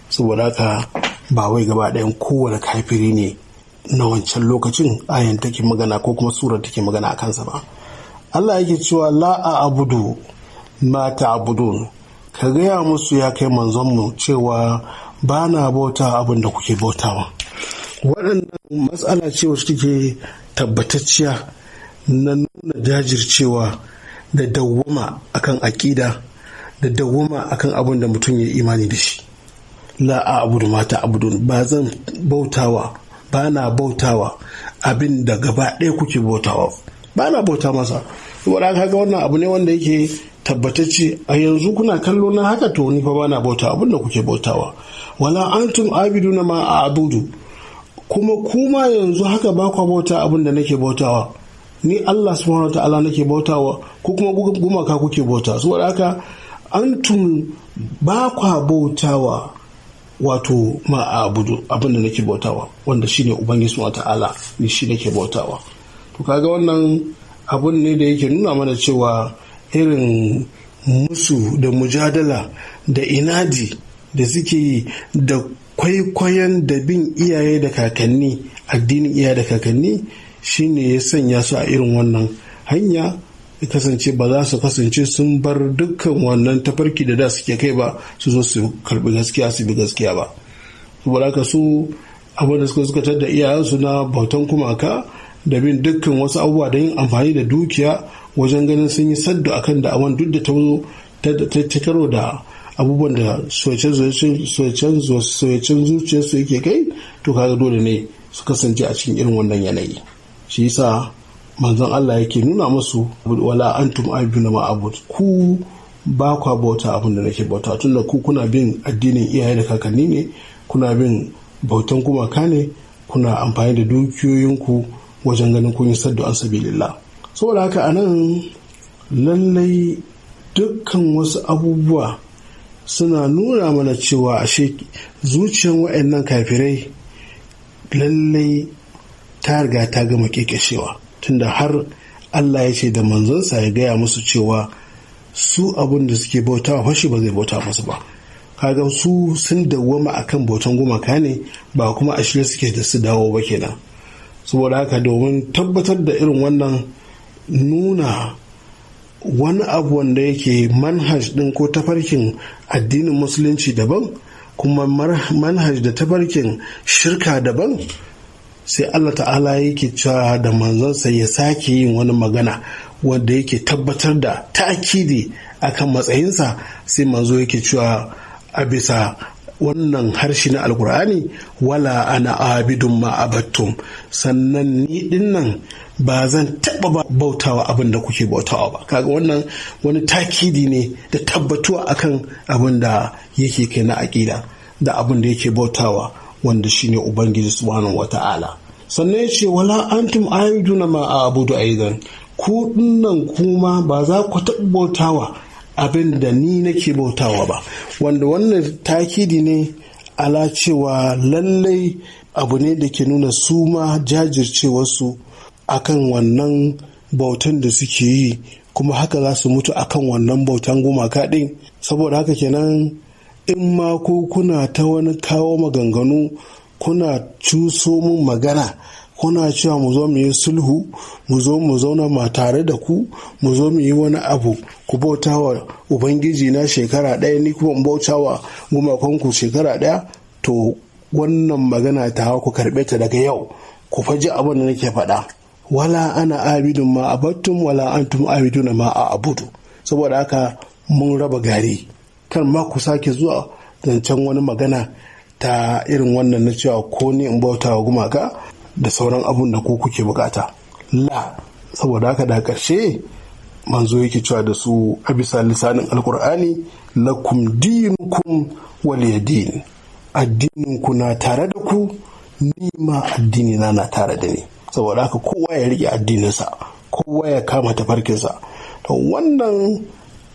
Speaker 10: saboda haka ba wai gaba ɗayan kowane kafiri ne na wancan lokacin ayan take magana ko kuma surar take magana a kansa ba Allah yake cewa la a abudu ma ta abudun ka gaya musu ya kai manzonmu cewa ba na bauta abin da kuke bautawa waɗannan matsala ce wacce take tabbatacciya na nuna jajircewa da dawwama akan aƙida da dawwama akan abin da mutum ya imani da shi la a abudu mata abudun ba zan bautawa ba na bautawa abin da gaba ɗaya kuke bautawa ba na bauta masa saboda haka ga wannan abu ne wanda yake tabbatacce a yanzu kuna kallo na haka to ni fa ba na bauta abin da kuke bautawa wala antum na ma abudu kuma kuma yanzu haka ba kwa bauta abin da nake bautawa ni Allah subhanahu ta'ala nake bautawa ko kuma gumaka kuke bauta saboda haka antum ba kwa bautawa wato ma abudu abin da nake bautawa wanda shine ubangiji subhanahu wataala ni shi nake bautawa to kaga wannan abun ne da yake nuna mana cewa irin musu da mujadala da inadi da suke yi da kwaikwayon da bin iyaye da kakanni addinin iyaye da kakanni shine ya sanya su a irin wannan hanya kasance ba za su kasance sun bar dukkan wannan tafarki da da suke kai ba su zo su karbi gaskiya su bi gaskiya ba saboda ka su abin da suka suka tadda iyayensu na bautan kumaka da bin dukkan wasu abubuwa da yin amfani da dukiya wajen ganin sun yi saddu akan da awan duk da ta zo ta karo da abubuwan da soyacin zuciyarsu yake kai to kaga dole ne su kasance a cikin irin wannan yanayi shi yasa manzon Allah yake nuna masu wala antum abuna ma ku ba kwa bauta abin da nake bauta tunda ku kuna bin addinin iyaye da kakanni ne kuna bin bautan gumaka ne kuna amfani da dukiyoyinku wajen ganin kun yi saddu an sabilillah saboda haka a nan, lallai dukkan wasu abubuwa suna nuna mana cewa ashe zuciyar wa'annan kafirai lallai ta riga ta gama kekeshewa tunda har Allah ya ce da manzonsa ya gaya musu cewa su abin da suke bauta wa fashi ba zai bauta musu ba kaga su sun dawwama akan bautan gumaka ne ba kuma a suke da su dawo ba kenan saboda haka domin tabbatar da irin wannan nuna wani abu wanda yake manhaj din ko tafarkin addinin musulunci daban kuma manhaj da tafarkin shirka daban sai Allah ta'ala yake cewa da manzonsa ya sake yin wani magana wanda yake tabbatar da ta'akidi akan matsayinsa sai manzo yake cewa a bisa wannan harshe na alkur'ani wala ana abidun ma batun. sannan ni dinnan ba zan taɓa bautawa abin da kuke bautawa ba kaga wannan wani takidi ne da tabbatuwa akan abin da yake kai na aƙida da abin da yake bautawa wanda shine ubangiji subhanahu wata'ala sannan ya ce wala antum aiduna ma abudu aidan ku dinnan kuma ba za ku taɓa bautawa abin da ni nake bautawa ba wanda wannan takidi ne ala cewa lallai abu ne da ke nuna su ma jajircewarsu akan wannan bautan da suke yi kuma haka za su mutu akan wannan bautan gumaka ɗin saboda haka kenan in ma ko kuna ta wani kawo maganganu kuna cuso mun magana kuna cewa mu zo mu yi sulhu mu zo mu zauna ma tare da ku mu zo mu yi wani abu ku bauta wa ubangiji na shekara ɗaya ni kuma bauta wa gumakonku shekara ɗaya to wannan magana ta hawa ku karɓe ta daga yau ku faji abin da nake faɗa wala ana abidun ma abattum wala antum abiduna ma a abudu saboda haka mun raba gari kan ma ku sake zuwa zancen wani magana ta irin wannan na cewa ko ne in bauta wa gumaka da sauran abun da ku kuke bukata la saboda haka da ƙarshe manzo yake cewa da su a bisa lisanin alkur'ani lakum dinukum waliyadin addinin ku na tare da ku ni ma addini na na tare da ni saboda haka kowa ya rike addininsa kowa ya kama tafarkinsa to wannan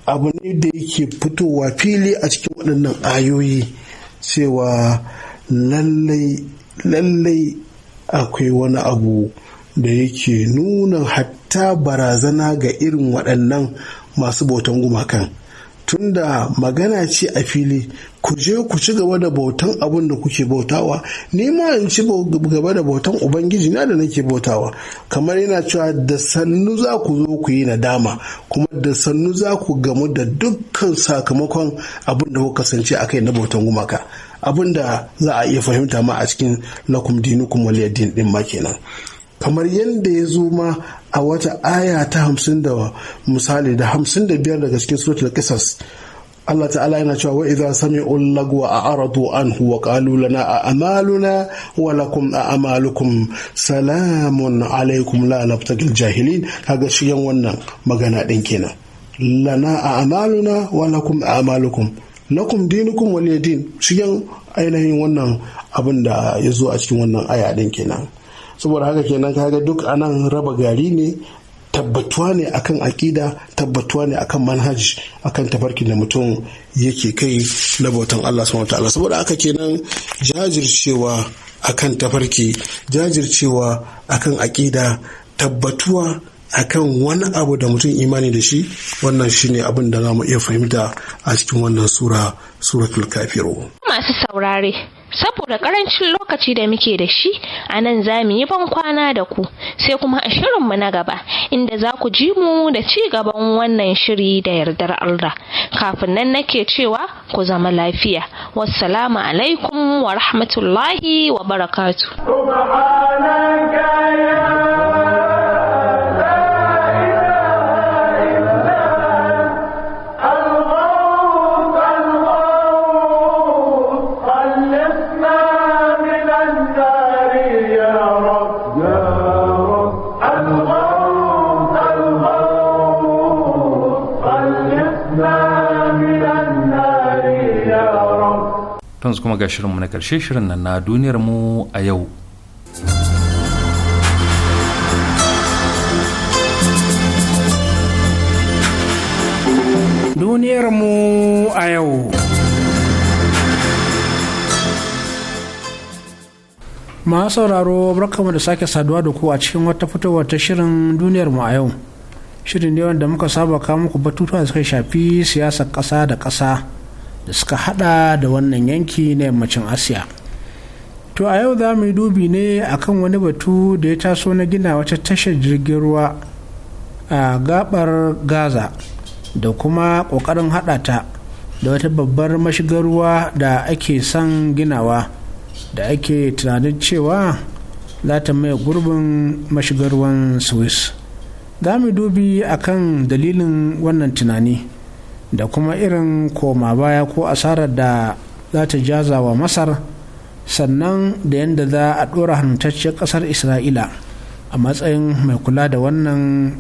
Speaker 10: abu ne da yake fitowa fili a cikin waɗannan ayoyi cewa lallai lallai akwai wani abu da yake nuna hatta barazana ga irin waɗannan masu bautan gumakan tunda magana ce a fili ku je ku ci gaba da bautan abin da kuke bautawa ni ma in ci gaba da bautan ubangiji na da nake bautawa kamar yana cewa da sannu za ku zo ku yi nadama kuma da sannu za ku gamu da dukkan sakamakon abin da kuka kasance a kai na bautan gumaka abin da za a iya fahimta ma a cikin lakum dinukum ɗin din ma kenan kamar yadda ya zo ma a wata aya ta hamsin da misali da hamsin da biyar daga cikin suratul qisas Allah ta'ala yana cewa wa sami sami'u a a'radu anhu wa qalu lana a amaluna wa lakum a amalukum salamun alaikum la nabtagil jahilin kaga shigen wannan magana din kenan lana a amaluna wa lakum a amalukum lakum dinukum wal shigen ainihin wannan abin da ya zo a cikin wannan aya din kenan saboda haka kenan kaga duk anan raba gari ne tabbatuwa ne akan aƙida tabbatuwa ne akan manhaj akan tafarkin da mutum yake kai na bautan Allah subhanahu ta'ala saboda haka kenan jajircewa akan tafarki jajircewa akan aƙida tabbatuwa akan wani abu da mutum imani da shi wannan shine abin da za mu iya fahimta a cikin wannan sura suratul
Speaker 6: kafiru
Speaker 8: masu saurare saboda karancin lokaci da muke da shi a nan za mu yi ban kwana da ku sai kuma a shirin mu na gaba inda za ku ji mu da ci gaban wannan shiri da yardar Allah kafin nan nake cewa ku zama lafiya wassalamu alaikum wa rahmatullahi wa barakatu
Speaker 2: yanzu kuma ga shirinmu na karshe shirin nan na duniyar mu a yau
Speaker 11: duniyar mu a yau masu sauraro barkamu da sake saduwa da ku a cikin wata fitowa ta shirin duniyar mu a yau shirin ne wanda muka saba kawo muku batutuwa da suka shafi siyasar ƙasa da ƙasa da suka hada da wannan yanki na yammacin asiya to a yau za mu yi dubi ne akan wani batu da ya taso na gina wata tashar jirgin ruwa a gabar gaza da kuma kokarin hada ta da wata babbar mashigar ruwa da ake son ginawa da ake tunanin cewa za ta maye gurbin mashigar ruwan swiss za mu dubi akan dalilin wannan tunani da kuma irin koma baya ko asarar da za ta jaza wa masar sannan da yadda za a ɗora hannutacciyar ƙasar isra'ila a matsayin mai kula da wannan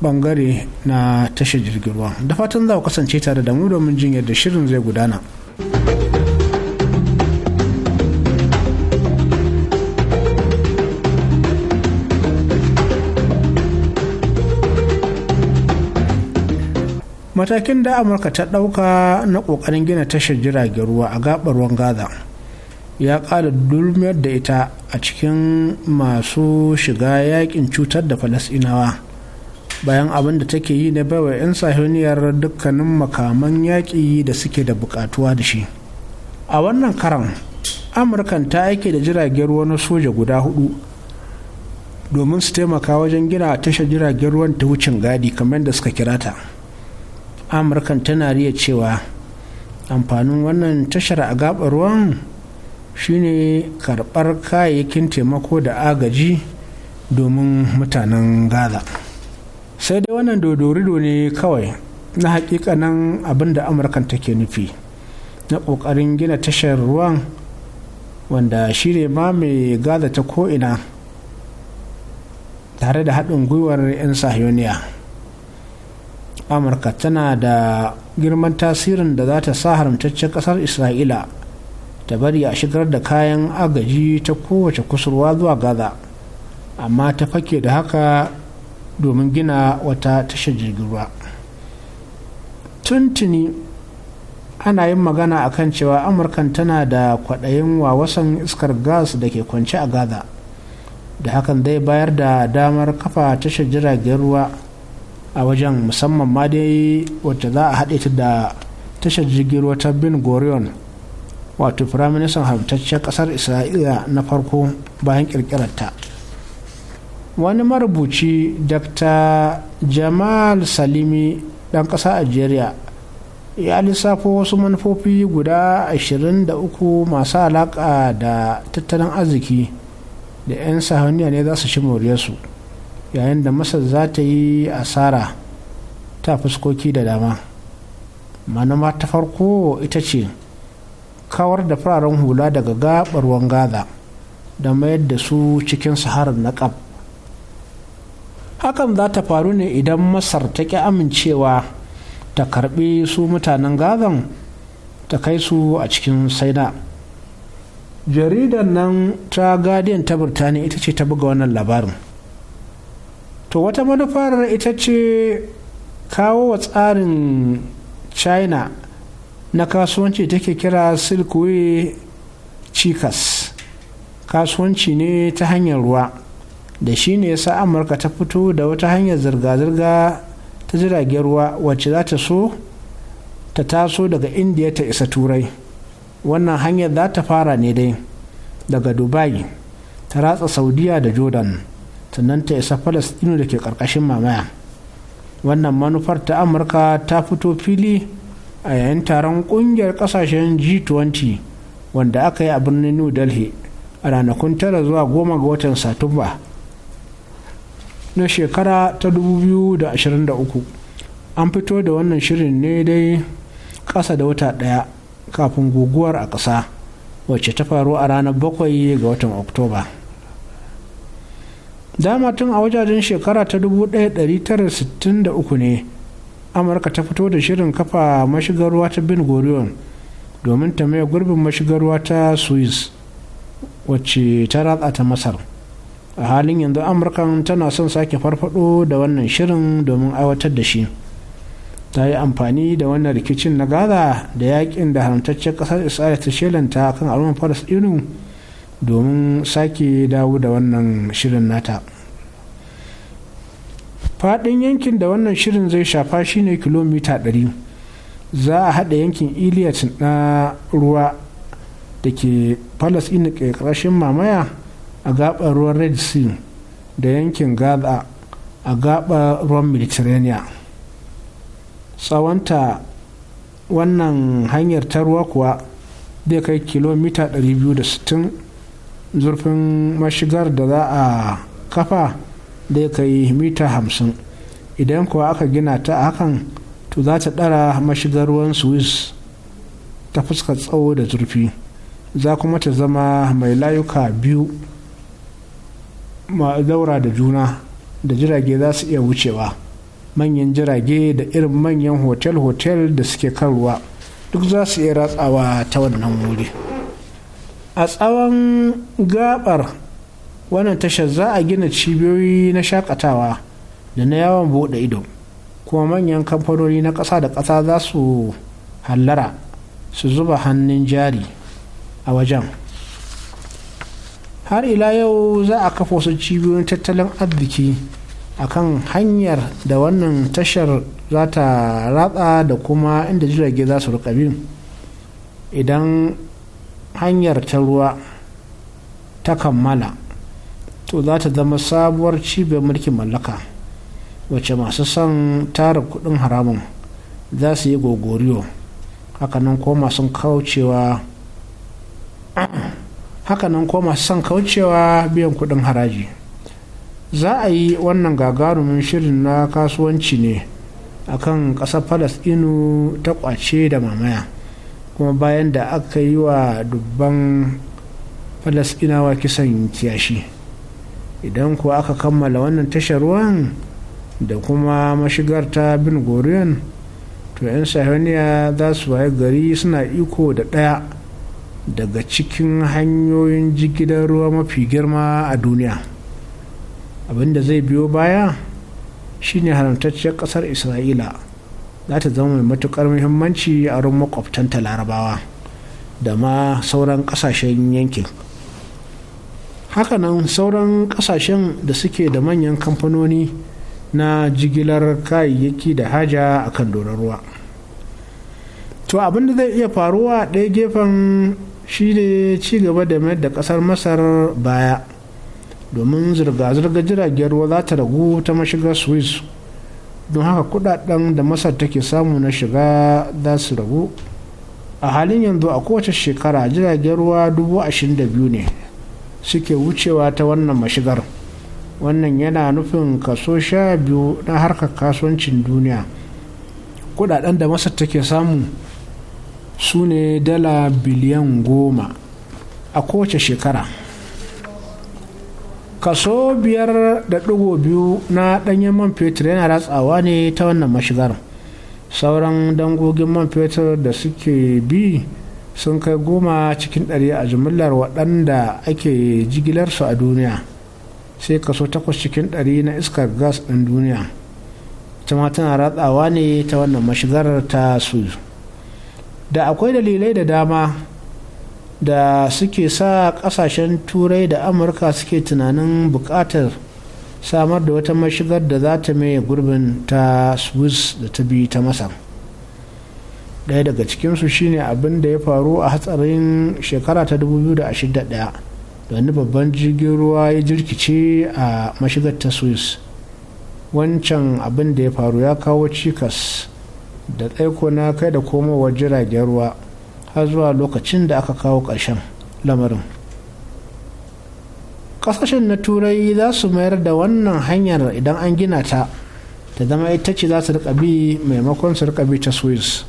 Speaker 11: bangare na tashar jirgin ruwa da fatan za ku kasance tare da mu domin jin yadda shirin zai gudana. matakin da amurka ta ɗauka na ƙoƙarin gina tashar jiragen ruwa a gaɓar ruwan gaza ya ƙara dulmiyar da ita a cikin masu shiga yakin cutar da falasinawa bayan abin da take yi na baiwa 'yan sahuniyar dukkanin makaman yaƙi da suke da buƙatuwa da shi a wannan karan amurkan ta aike da jiragen ruwa na soja guda hudu domin su taimaka wajen gina tashar jiragen ruwan ta wucin gadi kamar da suka kira ta amurkan tana riya cewa amfanin wannan tashar a gabar ruwan shine karɓar kayayyakin taimako da agaji domin mutanen gaza sai dai wannan dodorido ne kawai na hakikanin abin da amurkan take nufi na ƙoƙarin gina tashar ruwan wanda shine ma mai gaza ta ko'ina tare da haɗin gwiwar 'yan sahiyoniya amurka tana da girman tasirin da za ta sa haramtaccen kasar isra'ila ta bari a shigar da kayan agaji ta kowace kusurwa zuwa gaza amma ta fake da haka domin gina wata tashar jirgin ruwa tuntuni ana yin magana a kan cewa amurkan tana da kwaɗayin wawasan iskar gas da ke kwance a gaza da hakan zai bayar da damar kafa tashar jiragen ruwa a wajen musamman ma dai wacce za a haɗe ta da tashar jirgin ruwa ta bin gorion wato firaministan haramtaccen ƙasar isra'ila na farko bayan ƙirƙirarta wani marubuci dr jamal salimi ɗan ƙasa algeria ya lissafo wasu manufofi guda 23 masu alaƙa da tattalin arziki da 'yan sahaniya ne za su ci su. yayin da masar za ta yi asara ta fuskoki da dama manama ta farko ita ce kawar da fararen hula daga gabar gaza da mayar da su cikin saharar naƙab hakan za ta faru ne idan masar ta ƙi amincewa ta karbi su mutanen gazan ta kai su a cikin saina jaridar nan ta guardian ta birtaniya ita ce ta buga wannan labarin to wata manufar ita ce kawo wa tsarin china na kasuwanci take kira silkway cikas kasuwanci ne ta hanyar ruwa da shi ne yasa amurka ta fito da wata hanyar zirga-zirga ta jiragen ruwa wacce za ta so ta taso daga indiya ta isa turai wannan hanyar za ta fara ne dai daga dubai ta ratsa saudiya da jordan sannan ta isa falastinu da ke karkashin mamaya wannan manufar ta amurka ta fito fili a yayin taron kungiyar kasashen g20 wanda aka yi a birnin new delhi a ranakun tara zuwa goma ga watan satumba na shekara ta 2023 an fito da wannan shirin ne dai kasa da wata daya kafin guguwar a ƙasa wacce ta faru a ranar bakwai ga watan oktoba dama tun a wajajen shekara ta 1963 ne amurka ta fito da shirin kafa mashigar ta bin gorion domin ta maye gurbin mashigarwa ta swiss wacce ta ratsa ta masar a halin yanzu amurka tana son sake farfado da wannan shirin domin aiwatar da shi ta yi amfani da wannan rikicin na gaza da yakin da haramtaccen kasar isra'ila ta shelanta kan al'ummar faras inu domin sake dawo da wannan shirin nata faɗin yankin da wannan shirin zai shafa shine kilomita 100 za a haɗa yankin iliyat na ruwa da ke palestine ƙarƙashin mamaya a gaɓar ruwan red sea da yankin gaza a gaɓar ruwan mediterranean tsawonta wannan hanyar ta ruwa kuwa zai kai kilomita 260 zurfin mashigar da za a kafa da kai mita hamsin idan kuwa aka gina ta a hakan to za ta ɗara mashigar ruwan swiss ta fuska tsawo da zurfi za kuma ta zama mai layuka biyu ma daura da juna da jirage za su iya wucewa manyan jirage da irin manyan hotel-hotel da suke kan ruwa duk za su iya ratsawa ta wannan wuri. a tsawon gabar wannan tashar za a gina cibiyoyi na shakatawa da na yawon bude ido kuma manyan kamfanoni na ƙasa da ƙasa za su hallara su zuba hannun jari a wajen har ila yau za a kafa su cibiyoyin tattalin arziki a kan hanyar da wannan tashar za ta ratsa da kuma inda jirage za su rika bin idan hanyar ta ruwa ta kammala to za ta zama sabuwar cibiyar mulkin mallaka wace masu son tara kudin haramun za su yi gogoriyo hakanan ko masu kaucewa [CLEARS THROAT] hakanan ko masu son kaucewa biyan kudin haraji za a yi wannan gagarumin shirin na kasuwanci ne akan ƙasar falasɗinu ta kwace da mamaya kuma bayan da aka yi wa dubban falasɗinawa kisan kiyashi idan kuwa aka kammala wannan tashar ruwan da kuma mashigar ta bin goriyon to 'yan sahoniya za su waye gari suna iko da ɗaya daga cikin hanyoyin jigilar ruwa mafi girma a duniya abinda zai biyo baya shine haramtacciyar ƙasar isra'ila za ta zama mai matukar muhimmanci a wurin makwabtanta larabawa da ma sauran ƙasashen yankin hakanan sauran ƙasashen da suke da manyan kamfanoni na jigilar kayayyaki da haja a kan doron ruwa to abin da zai iya faruwa ɗaya gefen shi ne gaba da mayar da ƙasar masar baya domin zirga zirga jiragen ruwa za ta ragu ta mashigar swiss don haka kudaden da masar take samu na shiga za su rabu a halin yanzu a kowace shekara jiragen ruwa dubu ashirin da biyu ne suke wucewa ta wannan mashigar wannan yana nufin kaso sha biyu na harkar kasuwancin duniya kudaden da masar take samu su ne dala biliyan goma a kowace shekara kaso biyar da ɗigo biyu na ɗanyen man fetur yana ratsawa ne ta wannan mashigar sauran dangogin man fetur da suke bi sun kai goma cikin ɗari a jimillar waɗanda ake jigilar su a duniya sai kaso takwas cikin ɗari na iskar gas ɗin duniya ita ma tana ratsawa ne ta wannan mashigar ta su da akwai dalilai da dama da suke sa kasashen turai da amurka suke tunanin bukatar samar da wata mashigar da za ta maye gurbin ta swiss da ta bi ta masar daya daga cikinsu shine abin da ya faru a hatsarin shekara ta 2021 da wani babban jirgin ruwa ya jirkice a mashigar ta swiss wancan abin da ya faru ya kawo cikas da tsaiko na kai da komowar jiragen ruwa har zuwa lokacin da aka kawo ƙarshen lamarin ƙasashen na turai za su mayar da wannan hanyar idan an gina ta ta zama ita ce za su rika bi maimakon su rika bi ta swiss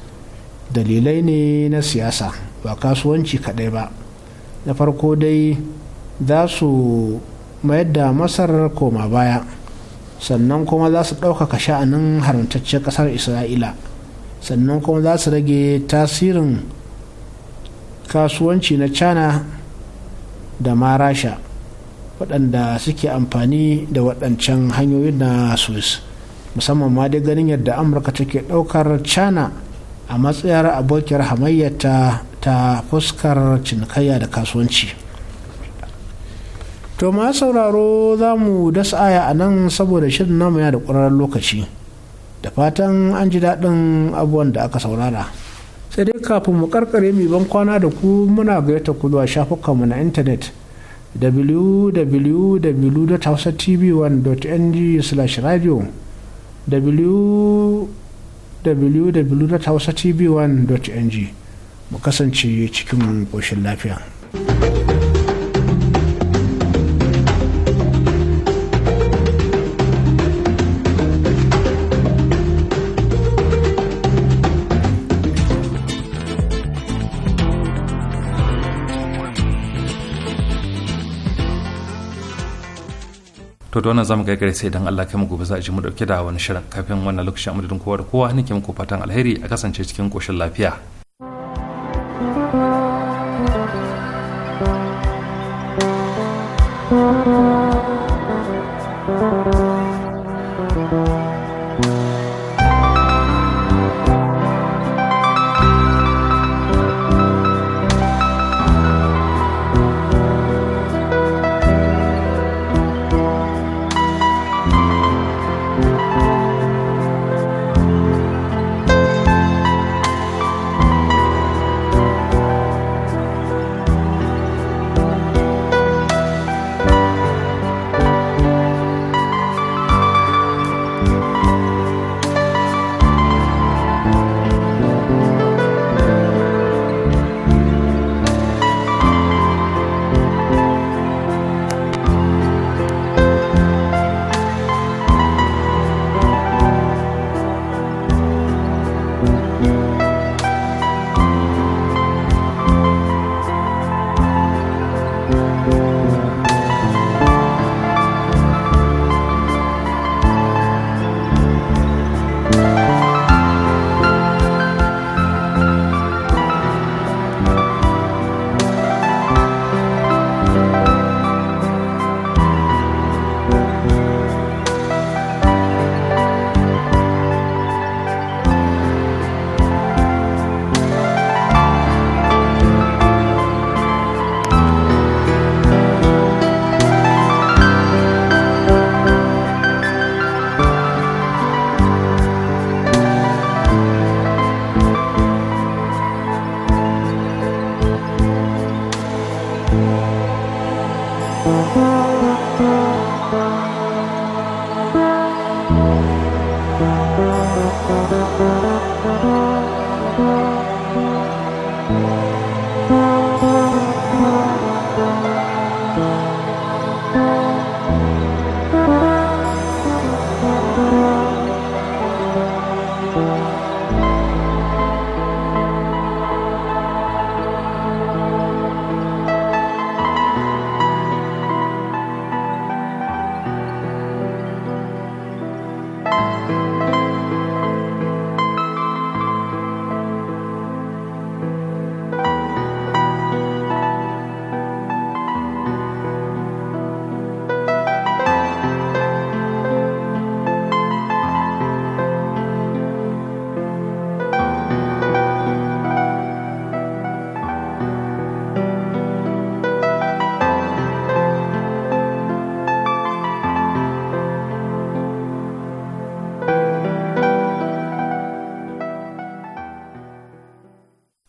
Speaker 11: dalilai ne na siyasa ba kasuwanci kaɗai ba na farko dai za su mayar da masar koma baya sannan kuma za su ɗaukaka sha'anin haramtaccen ƙasar isra'ila sannan kuma za su rage tasirin kasuwanci na china da ma rasha waɗanda suke amfani da waɗancan hanyoyin na swiss musamman ma dai ganin yadda amurka take ɗaukar china a matsayar abokiyar hamayyata ta fuskar cinikayya da kasuwanci to ma sauraro za mu dasa aya a nan saboda shirin namu ya da ƙwararren lokaci da fatan an ji daɗin abubuwan da aka saurara. sai dai kafin mu karkare mai ban kwana da ku muna gayyata ku zuwa shafukanmu na intanet www.hausatv1.ng/radio www.hausatv1.ng mu kasance cikin ƙoshin lafiya.
Speaker 2: to da zamu ga gare sai dan Allah kai mu gobe za a ji mu dauke da wani shirin kafin wannan lokacin amadadin kowa da kowa nake muku fatan alheri a kasance cikin koshin lafiya